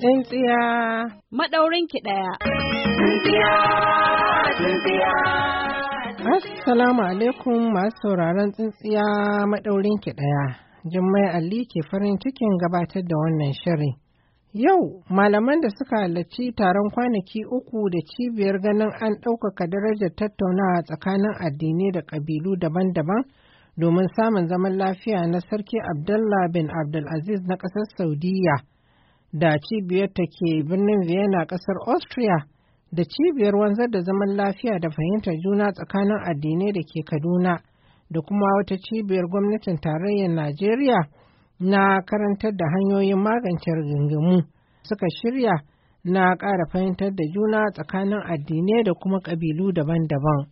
Tsintsiya. Maɗaurin ki ɗaya. Assalamu alaikum masu sauraron tsintsiya maɗaurin ki ɗaya. Jummai Ali ke farin cikin gabatar da wannan shirin. Yau, malaman da suka halarci taron kwanaki uku da cibiyar ganin an ɗaukaka darajar tattaunawa tsakanin addinai da ƙabilu daban-daban domin samun zaman lafiya na Sarki Abdullah bin Abdulaziz na ƙasar Saudiyya da cibiyar ta ke birnin vienna kasar austria da cibiyar wanzar da zaman lafiya da fahimtar juna tsakanin addinai da ke kaduna da kuma wata cibiyar gwamnatin tarayyar najeriya na karantar da hanyoyin magance rigingimu suka shirya na ƙara fahimtar da juna tsakanin addinai da kuma ƙabilu daban-daban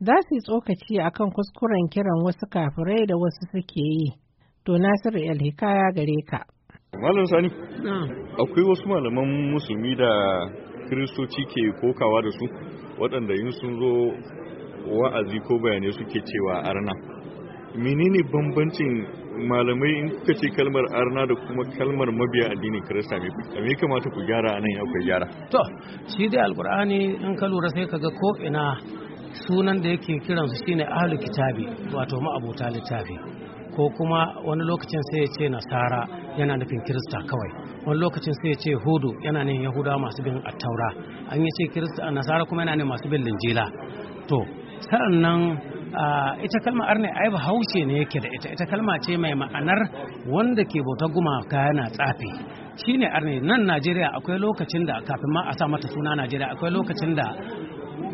za su yi tsokaci a kan kuskuren kiran wasu kafirai da wasu suke yi to nasiru el hikaya gare ka malam sani akwai wasu malaman musulmi da kiristoci ke kokawa da su waɗanda yin sun zo wa'azi ko bayanai suke cewa arna menene bambancin malamai in kuka ce kalmar arna da kuma kalmar mabiya addinin kirista me me kamata ku gyara anan nan ku gyara to shi dai alkur'ani in ka lura sai kaga ko ina sunan da yake kiransu shine ahlul kitabi wato ma'abota littafi ko kuma wani lokacin sai ya ce nasara yana nufin kirista kawai wani lokacin sai ya ce hudu yana nufin yahudawa masu bin attaura an yi ce kirista nasara kuma yana nufin masu bin linjila to sa'an nan ita kalma arne ai bahaushe ne yake da ita ita kalma ce mai ma'anar wanda ke bauta gumaka yana tsafi shine arne nan najeriya akwai lokacin da kafin ma a sa mata suna najeriya akwai lokacin da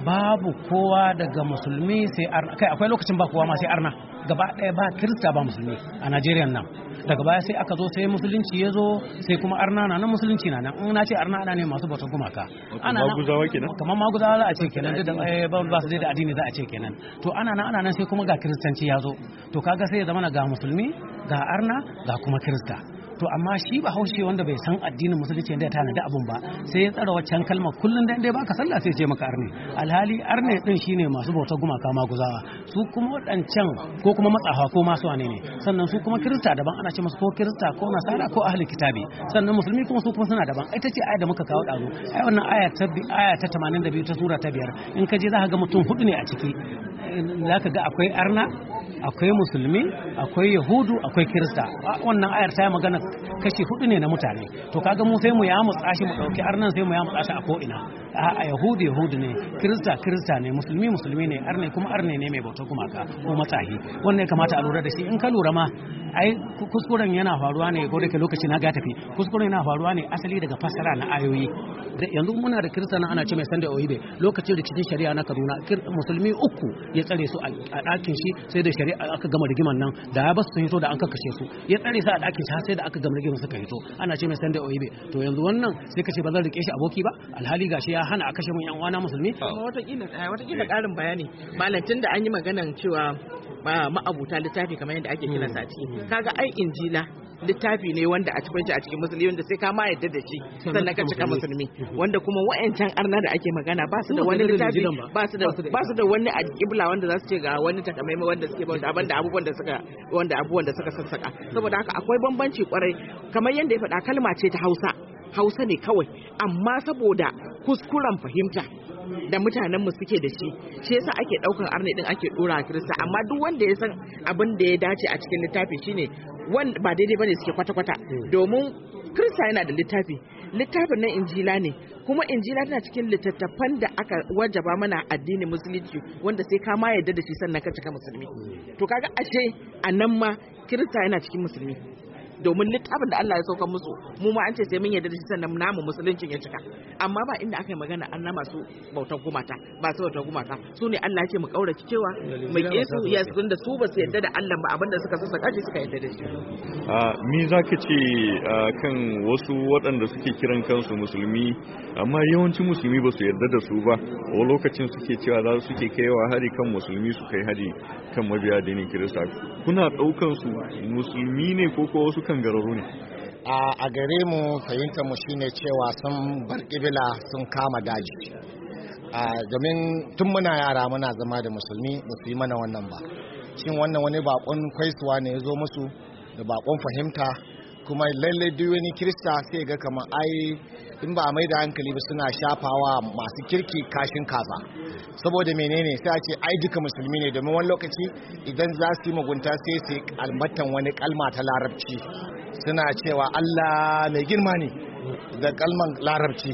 babu kowa daga musulmi sai arna kai akwai lokacin ba kowa ma sai arna gaba ɗaya ba kirista ba musulmi a najeriya nan daga baya sai aka zo sai musulunci ya zo sai kuma arna na nan musulunci na nan in na ce arna ana ne masu bata gumaka ana maguzawa kenan kamar maguzawa za a ce kenan duk da eh, ba su da addini za a ce kenan to ana nan ana nan sai kuma ga kiristanci ya zo to kaga sai ya zama ga musulmi ga arna ga kuma kirista to amma shi ba haushe wanda bai san addinin musulunci da ya nada abun ba sai ya tsara waccan kalmar kullum da dai baka sallah sai ce maka arne alhali arne din shine masu bauta gumaka guzawa su kuma wadancan ko kuma matsafa ko masu wane ne sannan su kuma kirista daban ana ce musu ko kirista ko nasara ko ahli kitabi sannan musulmi kuma su kuma suna daban ai ta ce aya da muka kawo dazu ai wannan aya ta aya ta 82 ta sura ta biyar in ka je za ka ga mutum hudu ne a ciki za ka ga akwai arna akwai musulmi akwai yahudu akwai kirista wannan ayar ta magana kashi hudu ne na mutane to kaga mu sai mu ya mutsa shi mu dauki arnan sai mu ya mutsa shi a ko'ina. a'a Yahudi Yahudi ne kirista kirista ne musulmi musulmi ne arne kuma arne ne mai bauta kuma ka ko matsahi wannan ya kamata a lura da shi in ka lura ma ai kuskuren yana faruwa ne ko da ke lokaci na ga tafi kuskuren yana faruwa ne asali daga fasara na ayoyi yanzu muna da kirista ana ce mai sanda oyibe lokacin da cikin shari'a na kaduna musulmi uku ya tsare su a ɗakin shi sai da shari'a aka gama rigiman nan da ya basu sun hito da an kakkashe su ya tsare su a ɗakin shi sai da aka gama rigiman suka hito ana ce mai sanda oyibe to yanzu wannan sai ka ce ba zan rike shi aboki ba alhali gashi ya hana a kashe mun yan uwana musulmi kuma watakila watakila karin eh, eh. bayani malam da an yi maganan cewa ma'abuta littafi kamar yadda ake kira sati hmm. kaga ai injila littafi ne wanda a cikin a cikin musulmi wanda sai ka ma yadda da shi sannan ka cika musulmi hmm. wanda kuma wa'ancan arna da ake magana ba su da wani littafi ba su da ba su da wani a kibla wanda za su ce ga wani takamaimai wanda suke ba abin da abubuwan da suka wanda abubuwan da suka sassaka saboda haka akwai bambanci kwarai kamar yadda ya faɗa kalma ce ta Hausa hausa ne kawai amma saboda kuskuren fahimta da mutanenmu suke da shi shi yasa ake daukan arne din ake dora kirista amma duk wanda ya san abin da ya dace a cikin littafi shine ba daidai bane suke kwata-kwata hmm. domin kirista yana da littafi littafin na injila ne kuma injila tana cikin littattafan da aka wajaba mana addini musulunci wanda sai ka ma yarda da shi sannan ka cika musulmi hmm. to kaga ashe a nan ma kirista yana cikin musulmi domin littafin da Allah ya sauka musu mu ma an ce sai mun yarda da shi sannan namu musuluncin ya cika amma ba inda aka yi magana an na masu bautar gumata ba su bautar gumata su ne Allah ya ce mu kaurace cewa mai kesu ya su da su ba su yarda da Allah ba abinda suka so saka suka yarda da shi mi zaka ce kan wasu waɗanda suke kiran kansu musulmi amma yawancin musulmi ba su yarda da su ba a lokacin suke cewa za su suke kaiwa hari kan musulmi su kai hari kan mabiya dinin kirista kuna ɗaukan su musulmi ne ko ko wasu kangararru ne a gare mu fahimtar mu shine cewa sun bar kibila sun kama daji domin tun muna yara muna zama da musulmi ba su yi mana wannan ba shin wannan wani bakon kwaisuwa ne ya zo musu da bakon fahimta kuma lallai duk wani kirista sai ga kamar ai in ba a mai da hankali ba suna shafawa masu kirki kashin kaza saboda menene sai a ce ai duka musulmi ne domin wani lokaci idan za su yi mugunta sai su yi kalmatan wani kalma ta larabci suna cewa Allah mai girma ne da kalman larabci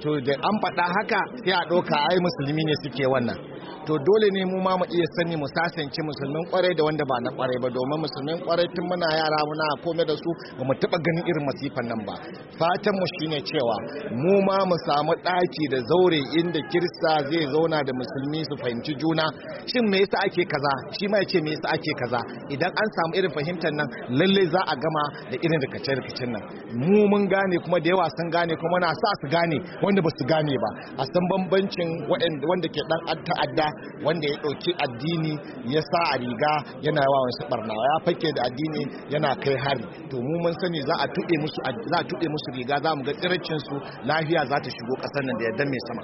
to da an faɗa haka sai a ɗauka ai musulmi ne suke wannan to dole ne mu ma mu iya sani mu sasance musulmin kwarai da wanda ba na kwarai ba domin musulmin kwarai tun muna yara muna komai da su ba mu taba ganin irin masifan nan ba fatan mu shine cewa mu ma mu samu daki da zaure inda kirista zai zauna da musulmi su fahimci juna shin me yasa ake kaza shi ma yace me yasa ake kaza idan an samu irin fahimtar nan lalle za a gama da irin rikice rikicin nan mu mun gane kuma da yawa sun gane kuma na sa su gane wanda ba su gane ba a san bambancin wanda ke dan ta'adda wanda ya ɗauki addini ya sa a riga yana yawa wasu barna ya fake da addini yana kai hari to mu mun sani za a tuɓe musu riga za mu ga tsirancin su lafiya za ta shigo ƙasar nan da ya mai sama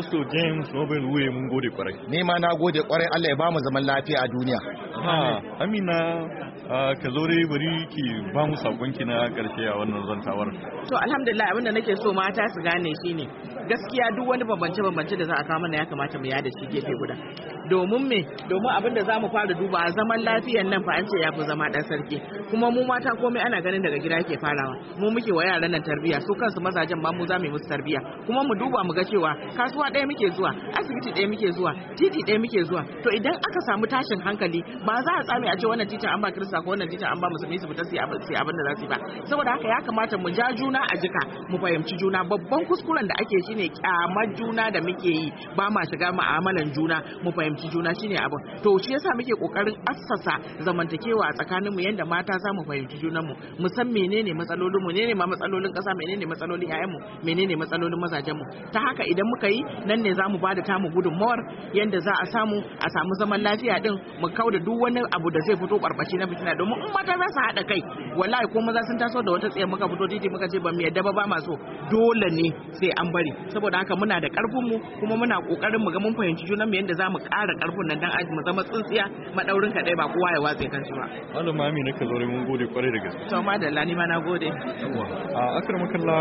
a James Robin Wuye mun gode kwarai na gode kwarai Allah ya ba mu zaman lafiya a duniya ha amina ka zaure bari ki ba mu sakonki na karshe a wannan zantawar to alhamdulillah abin da nake so mata su gane shine gaskiya duk wani bambance bambance da za a kawo mana ya kamata mu yada shi gefe guda domin me domin abin da zamu fara duba a zaman lafiyan nan fa an ce yafi zama dan sarki kuma mu mata komai ana ganin daga gida ke farawa mu muke wa yaran nan tarbiya su kansu mazajen ma mu zamu yi musu tarbiya kuma mu duba mu ga cewa kasuwa ɗaya muke zuwa asibiti ɗaya muke zuwa titi ɗaya muke zuwa to idan aka samu tashin hankali ba za a tsame a ce wannan titin an ba kirista ko wannan titin an ba musulmi su fita su yi abin da za su yi ba saboda haka ya kamata mu ja juna a jika mu fahimci juna babban kuskuren da ake shine kyamar juna da muke yi ba ma shiga mu'amalan juna mu fahimci fahimci juna shine abin to shi yasa muke kokarin assasa zamantakewa a tsakanin mu yanda mata za mu fahimci junan mu mu san menene matsalolin mu menene ma matsalolin kasa menene matsalolin ya'yan mu menene matsalolin mazajen mu ta haka idan muka yi nan ne za mu bada mu gudunmawar yanda za a samu a samu zaman lafiya din mu kauda duk wani abu da zai fito barbaci na fitina domin in mata za su haɗa kai wallahi ko maza sun taso da wata tsaye muka fito titi muka ce ba mu yadda ba ba so dole ne sai an bari saboda haka muna da karfin mu kuma muna kokarin mu ga mun fahimci junan mu yanda za mu ƙara da karfin nan dan mu zama tsintsiya madaurin ka dai ba kowa ya watse shi ba ma amina ka zore mun gode kwarai da gaske to ma da lani ma na gode a kalla,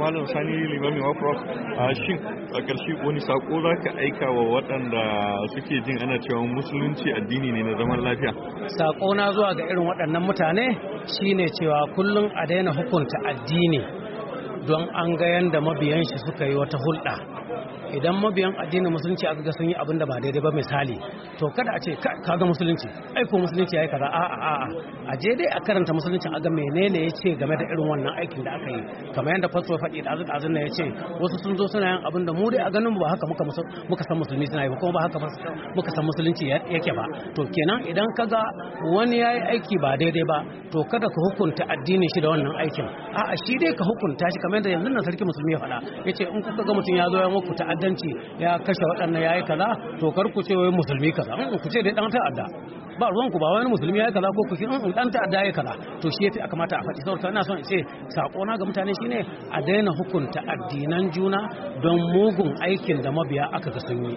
malam sani limami prof a shin a ƙarshe wani sako za ka aika wa waɗanda suke jin ana cewa musulunci addini ne na zaman lafiya sako na zuwa ga irin waɗannan mutane shine cewa kullum a daina hukunta addini don an ga yanda mabiyan shi suka yi wata hulɗa idan mabiyan addinin musulunci aka ga sun yi abin da ba daidai ba misali to kada a ce ka ga musulunci aiko musulunci ya yi kaza a a a a je dai a karanta musulunci a ga menene ya ce game da irin wannan aikin da aka yi kamar yadda fasto faɗi da azuka azun ya ce wasu sun zo suna yin abin da mu dai a ganin ba haka muka san musulmi suna yi ba kuma ba haka muka san musulunci yake ba to kenan idan ka ga wani yi aiki ba daidai ba to kada ka hukunta addinin shi da wannan aikin a'a shi dai ka hukunta shi kamar yadda yanzu nan sarki musulmi ya faɗa yace in kuka ga mutum ya zo ya muku ta ta'addanci ya kashe waɗannan yayi kaza to kar ku ce wai musulmi kaza mm, ku ce dai dan ta'adda ba ruwan ku ba wani musulmi yayi kaza ko ku ce dan mm, ta'adda yayi kaza to shi yake akamata a faɗi saboda ina son in ce sako na ga mutane shine a daina hukunta addinan juna don mugun aikin da mabiya aka ga sun yi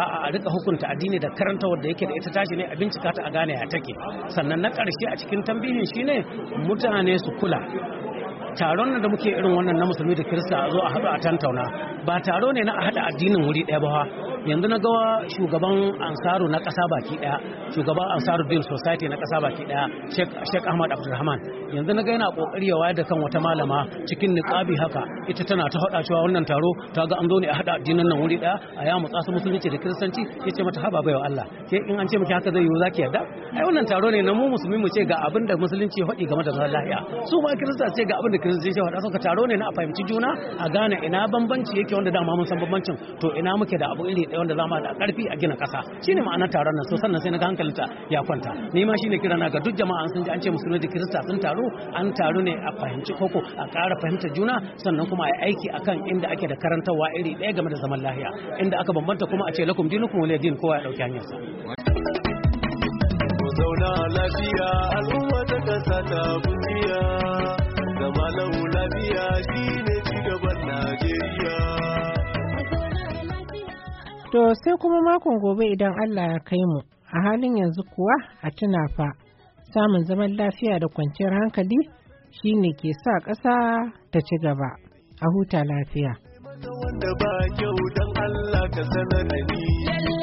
a a rika hukunta addini da karanta wanda yake da ita tashi ne a bincika ta a gane ya take sannan na ƙarshe a cikin tambihin shine mutane su kula taron da muke irin wannan na musulmi da kirista a zo a haɗu a tantauna ba taro ne na a haɗa addinin wuri ɗaya ba yanzu na gawa shugaban ansaru na kasa baki daya shugaban ansaru bill society na kasa baki daya sheikh ahmad abdulrahman yanzu na ga yana ƙoƙari ya wayar da kan wata malama cikin niƙabi haka ita tana ta haɗa cewa wannan taro ta ga an zo ne a hada addinan nan wuri daya a ya mutsa su musulunci da kiristanci ya ce mata haba baiwa Allah ke in an ce miki haka zai yiwu zaki yarda ai wannan taro ne na mu musulmi mu ce ga abin da musulunci ya faɗi game da zaman ya su ma kirista ce ga abin da kiristanci ya faɗa suka taro ne na a fahimci juna a gane ina bambanci yake wanda dama mun san bambancin to ina muke da abu iri tsaye wanda za mu da karfi a gina kasa shine ma'anar taron nan so sannan sai na ga hankalinta ya kwanta ni ma shine kira na ga duk jama'a sun ji an ce musulmi da kirista sun taru an taru ne a fahimci koko a ƙara fahimtar juna sannan kuma a aiki akan inda ake da karantarwa iri ɗaya game da zaman lahiya inda aka bambanta kuma a ce lakum dinukum waliya din kowa ya dauki hanyarsa zauna lafiya al'umma ta kasa ta To sai kuma makon gobe idan Allah ya kai mu, a halin yanzu kuwa a tuna fa samun zaman lafiya da kwanciyar hankali shine ke sa ƙasa ta ci gaba, a huta lafiya. Wanda ba kyau don Allah ka sanar da ni.